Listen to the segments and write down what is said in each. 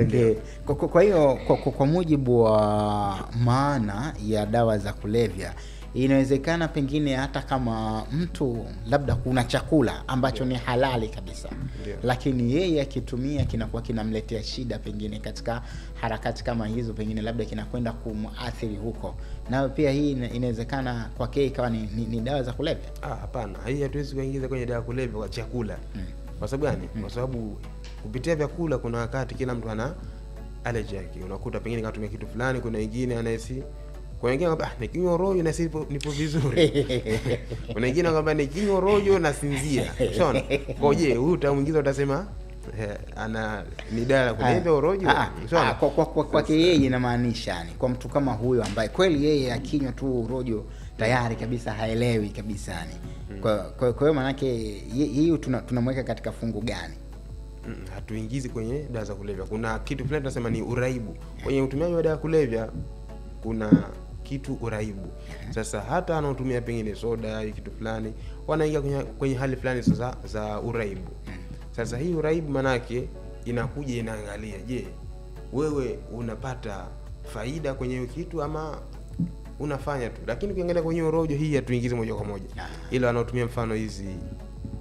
Okay. Kwa, kwa hiyo kwa, kwa mujibu wa maana ya dawa za kulevya inawezekana pengine hata kama mtu labda kuna chakula ambacho yeah, ni halali kabisa yeah, lakini yeye akitumia kinakuwa kinamletea shida pengine katika harakati kama hizo, pengine labda kinakwenda kumathiri huko, nayo pia hii inawezekana kwake ikawa ni, ni, ni dawa za kulevya. Ah, hapana, ah, hii hatuwezi kuingiza kwenye dawa kulevya kwa chakula. Hmm. Kwa sababu gani? Hmm. Kwa sababu kupitia vyakula. Kuna wakati kila mtu ana allergy yake, unakuta pengine katumia kitu fulani, kuna wengine anahisi kwa wengine kwamba ah, nikinywa rojo na sipo nipo vizuri. Kuna wengine kwamba nikinywa rojo na sinzia. Unaona? Kwa je, huyu utamuingiza utasema Yeah, ana ni dala kulevya ah, urojo. Ah, Unaona? Kwa kwa kwa kwa yeye inamaanisha yani kwa mtu kama huyo ambaye kweli yeye akinywa tu urojo tayari kabisa haelewi kabisa yani. Mm. Kwa kwa hiyo maana yake hiyo tunamweka katika fungu gani? Mm, hatuingizi kwenye dawa za kulevya. Kuna kitu fulani tunasema ni uraibu kwenye utumiaji wa dawa ya kulevya, kuna kitu uraibu. Mhm. Sasa hata anaotumia pengine soda kitu fulani, wanaingia kwenye, kwenye hali fulani sasa za uraibu. Mhm. Sasa hii uraibu manake inakuja inaangalia, je, wewe unapata faida kwenye hiyo kitu ama unafanya tu, lakini ukiangalia kwenye orojo hii hatuingizi moja kwa moja, ah. ila wanaotumia mfano hizi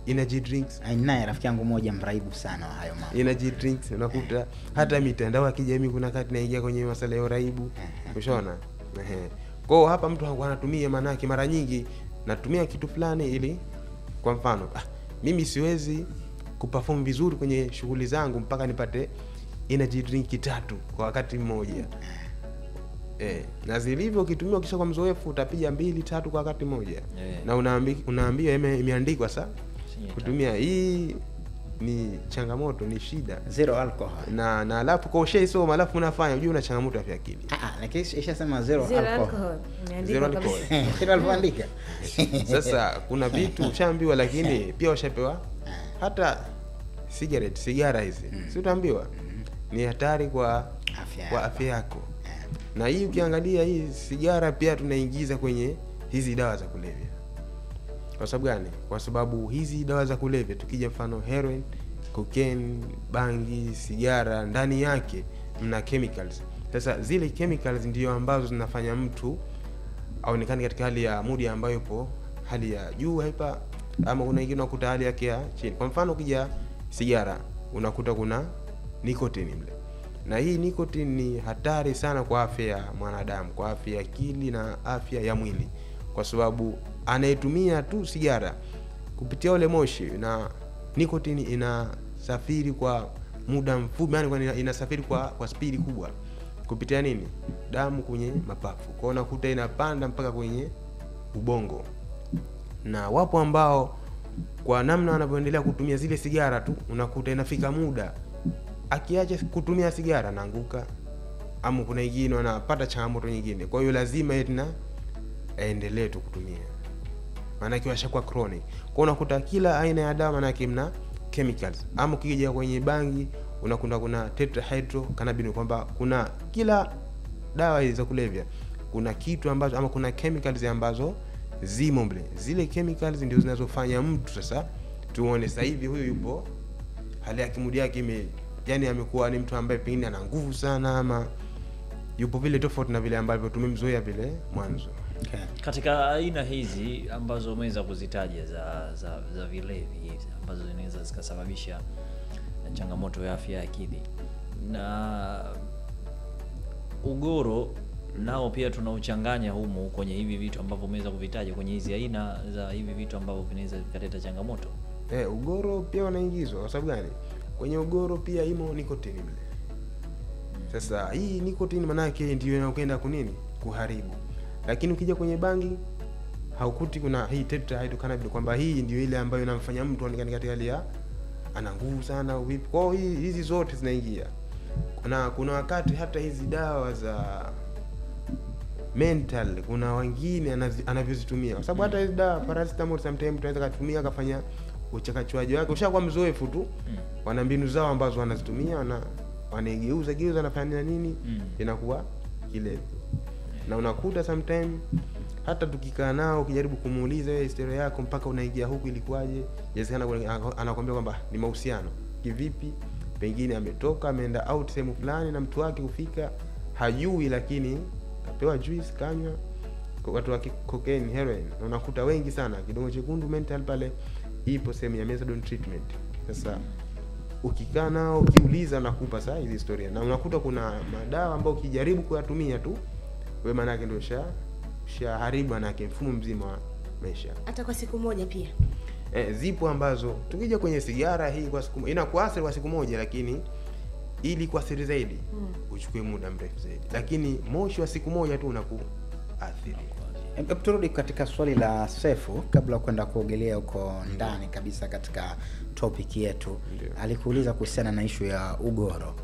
energy drinks. Ninaye rafiki yangu moja mraibu sana wa hayo mambo. Energy drinks unakuta eh. hata mitandao ya kijamii kuna kati naingia kwenye masuala ya uraibu. Eh, eh. Ushona? Ehe. Kwa hapa mtu anatumia manake mara nyingi natumia kitu fulani ili kwa mfano ah, mimi siwezi kuperform vizuri kwenye shughuli zangu mpaka nipate energy drink tatu kwa wakati mmoja. Eh, na zilivyo ukitumiwa kisha kwa mzoefu utapiga mbili tatu kwa wakati mmoja. Yeah. Na unaambi, unaambiwa imeandikwa ime kutumia hii ni changamoto, ni shida. Zero alcohol na na alafu kwa ushaisoma alafu unafanya unajua una changamoto afya akili. Ah, ah lakini ishasema zero, zero alcohol, zero alcohol alcohol alivyoandika. Sasa kuna vitu ushaambiwa, lakini eh. pia washapewa eh. hata cigarette, sigara hizi mm. si utaambiwa mm-hmm. ni hatari kwa afya, kwa afya yako eh. na hii ukiangalia hii sigara pia tunaingiza kwenye hizi dawa za kulevya kwa sababu gani? Kwa sababu hizi dawa za kulevya, tukija mfano heroin, cocaine, bangi, sigara, ndani yake mna chemicals. Sasa zile chemicals ndio ambazo zinafanya mtu aonekane katika hali ya mudi ambayo ipo hali ya juu hapa, ama kuna wengine unakuta hali yake ya chini. Kwa mfano ukija sigara, unakuta kuna nicotine mle, na hii nicotine ni hatari sana kwa afya ya mwanadamu, kwa afya ya akili na afya ya mwili, kwa sababu anayetumia tu sigara kupitia ule moshi na nikotini inasafiri kwa muda mfupi, yani inasafiri kwa, kwa spidi kubwa kupitia nini, damu kwenye mapafu kwao, unakuta inapanda mpaka kwenye ubongo, na wapo ambao kwa namna wanavyoendelea kutumia zile sigara tu, unakuta inafika muda akiacha kutumia sigara naanguka, ama kuna ingine wanapata changamoto nyingine. Kwa hiyo lazima tena aendelee tu kutumia maanake washakuwa chronic. Kwa unakuta kila aina ya dawa maanake mna chemicals, ama ukija kwenye bangi unakuta kuna tetrahydrocannabinol, kwamba kuna kila dawa hizi za kulevya kuna kitu ambacho ama kuna chemicals ambazo zimo mle. Zile chemicals ndio zinazofanya mtu sasa, tuone sasa hivi huyu yupo hali ya kimudi yake ime yani amekuwa ni mtu ambaye pengine ana nguvu sana ama yupo vile tofauti na vile ambavyo tumemzoea vile mwanzo katika aina hizi ambazo umeweza kuzitaja za, za, za vilevi ambazo zinaweza zikasababisha changamoto ya afya ya akili na ugoro nao pia tunauchanganya humu kwenye hivi vitu ambavyo umeweza kuvitaja kwenye hizi aina za hivi vitu ambavyo vinaweza vikaleta changamoto. Eh, ugoro pia wanaingizwa kwa sababu gani? Kwenye ugoro pia imo nikotini mle. Hmm. Sasa hii nikotini maana ndio inakwenda kunini? Kuharibu lakini ukija kwenye bangi haukuti kuna hii tetrahydrocannabinol kwamba hii ndio ile ambayo inamfanya mtu aonekane katika hali ya ana nguvu sana vipi kwao hii hizi zote zinaingia na kuna wakati hata hizi dawa za mental kuna wengine anavyozitumia kwa sababu hata hizi dawa paracetamol sometimes tunaweza kutumia akafanya uchakachuaji wake ushakuwa mzoefu tu mm. wana mbinu zao ambazo wanazitumia wana wanaigeuza geuza anafanya nini mm. inakuwa kilevi na unakuta sometime hata tukikaa nao ukijaribu kumuuliza wewe historia yako mpaka unaingia huku ilikuwaje inawezekana anakuambia kwamba ni mahusiano kivipi pengine ametoka ameenda out sehemu fulani na mtu wake hufika hajui lakini kapewa juice kanywa watu wake cocaine heroin na unakuta wengi sana kidogo chekundu mental pale ipo sehemu ya methadone treatment sasa ukikaa nao ukiuliza nakupa saa hizi historia na unakuta kuna madawa ambayo ukijaribu kuyatumia tu kwa hiyo maana yake sha usha manake mfumo mzima wa maisha. Hata kwa siku moja pia. Eh, zipo ambazo tukija kwenye sigara hii kwa siku inakuathiri kwa siku moja, lakini ili kuathiri zaidi hmm. uchukue muda mrefu zaidi, lakini moshi wa siku moja tu unakuathiri. Hebu turudi katika swali la Sefu kabla ya kwenda kuogelea huko hmm. ndani kabisa katika topic yetu. Ndiyo. Alikuuliza kuhusiana na ishu ya ugoro,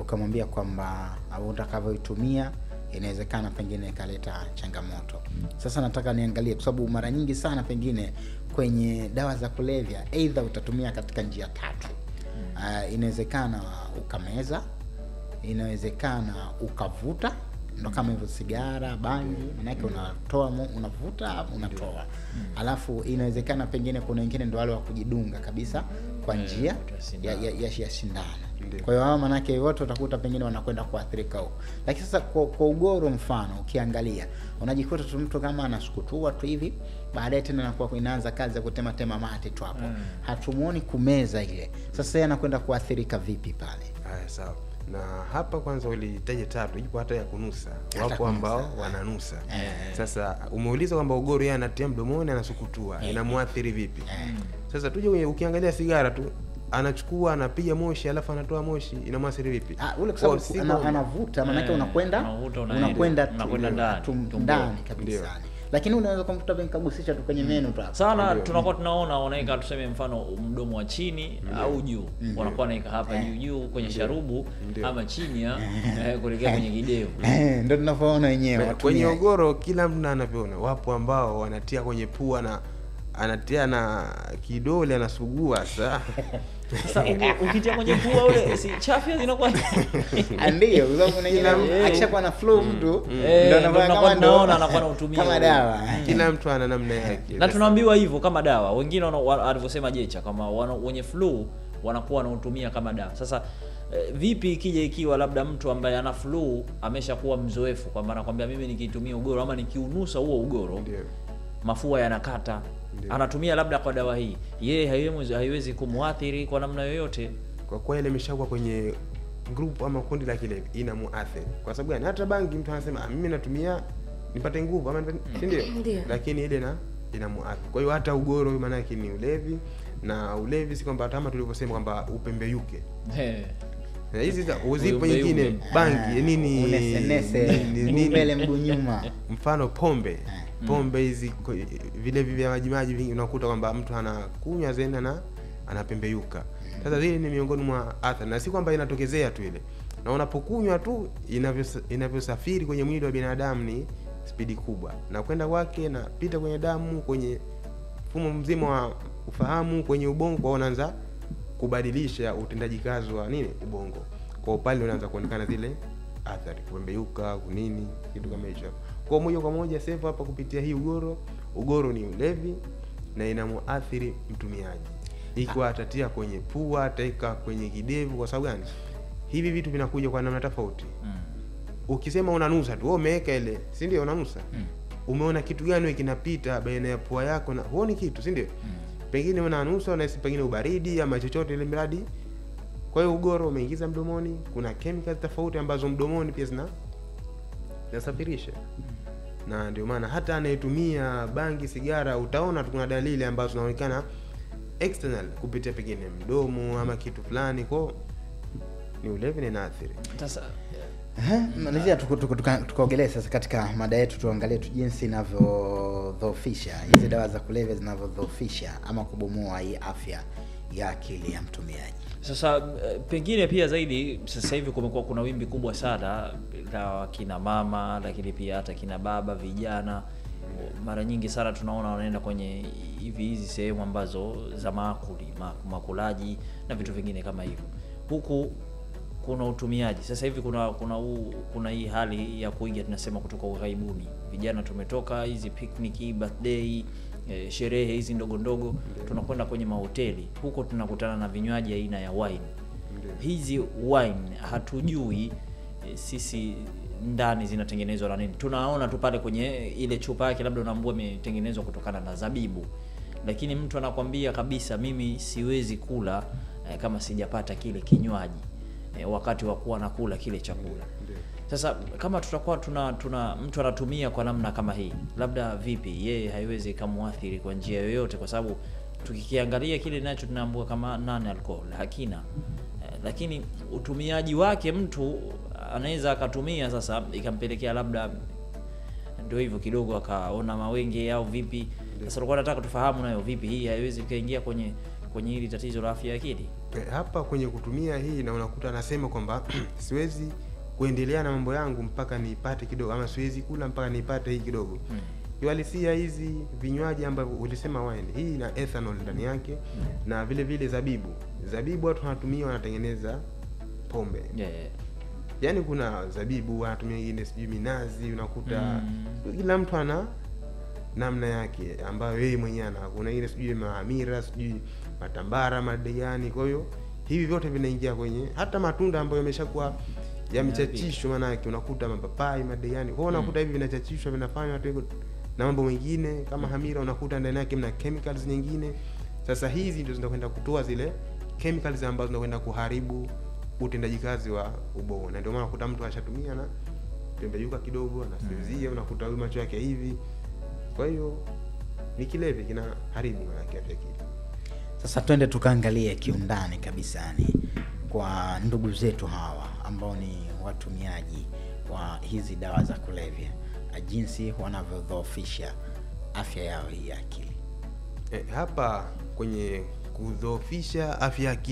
ukamwambia kwamba au utakavyoitumia inawezekana pengine ikaleta changamoto. Sasa nataka niangalie, kwa sababu mara nyingi sana pengine kwenye dawa za kulevya aidha utatumia katika njia tatu. Uh, inawezekana ukameza, inawezekana ukavuta ndo kama hivyo sigara, bangi, manake unatoa unavuta, unatoa alafu inawezekana pengine kuna wengine ndo wale wa kujidunga kabisa kwa eh, njia ya, ya, ya, ya shindano. Kwa hiyo hawa manake wote utakuta pengine wanakwenda kuathirika huko. Lakini sasa kwa, kwa ugoro mfano ukiangalia unajikuta tu mtu kama anasukutua tu hivi baadaye tena anakuwa inaanza kazi ya kutema tema mate tu hapo. Mm. Hatumuoni kumeza ile. Sasa yeye anakwenda kuathirika vipi pale? Haya sawa na hapa kwanza ulitaja tatu, ipo hata ya kunusa, wapo ambao eh. wananusa eh, eh. Sasa umeuliza kwamba ugoro yeye anatia mdomoni, anasukutua eh, inamwathiri vipi eh? Sasa tuje ukiangalia sigara tu anachukua anapiga moshi alafu anatoa moshi inamwathiri vipi? Ah, ule kwa sababu anavuta maana yake eh, unakwenda unakwenda ndani kabisa. Lakini unaweza kumkuta kagusisha tu kwenye meno tu Sana tunakuwa tunaona wanaweka tuseme mfano mdomo wa chini au juu. Wanakuwa wanaweka hapa eh. juu juu kwenye sharubu ama chini ya eh, kuelekea kwenye kidevu. Ndio tunavyoona wenyewe. Kwenye ogoro kila mtu anavyoona. Wapo ambao wanatia kwenye pua na anatia na kidole anasugua saa ukitia kwenye pua ule si chafya zinakuwa ah, ndio kwa sababu akishakuwa na flow mm, mtu mm. Eh, ndio kama anakuwa kama dawa mm. kila mtu ana namna yake na tunaambiwa hivyo kama dawa wengine alivyosema Jecha kama wenye flu wanakuwa wanautumia kama dawa sasa eh, vipi ikija ikiwa labda mtu ambaye ana flu ameshakuwa mzoefu kwamba anakwambia mimi nikitumia ugoro ama nikiunusa huo ugoro mafua yanakata anatumia labda kwa dawa hii, yeye haiwezi, kumwathiri kwa namna yoyote, kwa kweli ile imeshakuwa kwenye group ama kundi la kilevi, inamuathiri. Kwa sababu gani? Hata bangi mtu anasema ah, mimi natumia nipate nguvu ama mm. si ndio? Lakini ile na inamuathiri. Kwa hiyo hata ugoro maana yake ni ulevi, na ulevi si kwamba kama tulivyosema kwamba upembeyuke hizi uzipo nyingine bangi nini, nini, nini, nini, mbele mguu nyuma, mfano pombe eh pombe mm. hizi vile vya majimaji vingi unakuta kwamba mtu anakunywa zeni na anapembeyuka mm. sasa hili ni miongoni mwa athari na si kwamba inatokezea tu ile na unapokunywa tu inavyosafiri kwenye mwili wa binadamu ni spidi kubwa na kwenda kwake napita kwenye damu kwenye mfumo mzima wa ufahamu kwenye ubongo kwao unaanza kubadilisha utendaji kazi wa nini ubongo kwa pale unaanza kuonekana zile athari kupembeyuka kunini kitu kama hicho kwa moja kwa moja sasa hapa kupitia hii ugoro, ugoro ni ulevi na inamuathiri mtumiaji, iko atatia kwenye pua, ataika kwenye kidevu. Kwa sababu gani? Hivi vitu vinakuja kwa namna tofauti mm. Ukisema unanusa tu wewe umeweka ile, si ndio? Unanusa mm. Umeona kitu gani kinapita baina ya pua yako na huoni kitu, si ndio? mm. Pengine unanusa unahisi pengine ubaridi ama chochote ile mradi. Kwa hiyo ugoro umeingiza mdomoni, kuna chemicals tofauti ambazo mdomoni pia zina yasafirishe na ndio maana hata anayetumia bangi sigara utaona kuna dalili ambazo zinaonekana external kupitia pengine mdomo ama kitu fulani ko ni ulevi ninaathiri tukaogelea sasa katika mada yetu tuangalie tu jinsi inavyodhoofisha hizi dawa za kulevya zinavyodhoofisha ama kubomoa hii afya ya akili ya mtumiaji sasa eh, pengine pia zaidi sasa hivi kumekuwa kuna wimbi kubwa sana ikawa kina mama, lakini pia hata kina baba, vijana mara nyingi sana tunaona wanaenda kwenye hivi hizi sehemu ambazo za maakuli makulaji na vitu vingine kama hivyo. Huku kuna utumiaji sasa hivi, kuna kuna u, kuna hii hali ya kuiga tunasema kutoka ughaibuni. Vijana tumetoka hizi picnic, birthday, e, sherehe hizi ndogo ndogo, tunakwenda kwenye mahoteli huko, tunakutana na vinywaji aina ya wine. Hizi wine hatujui Eh, sisi ndani zinatengenezwa na nini. Tunaona tu pale kwenye ile chupa yake, labda unaambua imetengenezwa kutokana na zabibu, lakini mtu anakwambia kabisa, mimi siwezi kula eh, kama sijapata kile kinywaji eh, wakati wa kuwa nakula kile chakula. Sasa kama tutakuwa tuna, tuna mtu anatumia kwa namna kama hii, labda vipi yeye haiwezi ikamwathiri kwa njia yoyote, kwa sababu tukikiangalia kile nacho tunaambua kama non alcohol hakina lakini utumiaji wake mtu anaweza akatumia sasa ikampelekea labda ndio hivyo kidogo akaona mawenge au vipi. Sasa ulikuwa nataka tufahamu nayo vipi, hii haiwezi ikaingia kwenye kwenye hili tatizo la afya ya akili hapa kwenye kutumia hii, na unakuta anasema kwamba siwezi kuendelea na mambo yangu mpaka niipate kidogo, ama siwezi kula mpaka niipate hii kidogo kiwalisia hmm. Kiuhalisia hizi vinywaji ambavyo ulisema wine, hii ina ethanol ndani yake hmm. na vile vile zabibu zabibu watu wanatumia wanatengeneza pombe yeah, yeah. yani kuna zabibu wanatumia ingine sijui minazi, unakuta mm. Kila mtu ana namna yake ambayo yeye mwenyewe ana, kuna ile sijui maamira sijui matambara madegani. Kwa hiyo hivi vyote vinaingia kwenye hata matunda ambayo yameshakuwa yamechachishwa, maana yake unakuta mapapai madegani. kwao mm. unakuta mm. hivi vinachachishwa vinafanywa na mambo mengine kama mm. hamira, unakuta ndani yake mna chemicals nyingine. Sasa hizi ndio zinakwenda kutoa zile chemicals ambazo zinakwenda kuharibu utendaji kazi wa ubongo, na ndio maana unakuta mtu ashatumia na tembejuka kidogo, anasinzia, mm. unakuta huyu macho yake hivi. Kwa hiyo ni kilevi, kina haribu afya ya Sasa twende tukaangalie kiundani kabisa, ni kwa ndugu zetu hawa ambao ni watumiaji wa hizi dawa za kulevya, jinsi wanavyodhoofisha afya yao hii ya akili. E, hapa kwenye kudhoofisha afya ya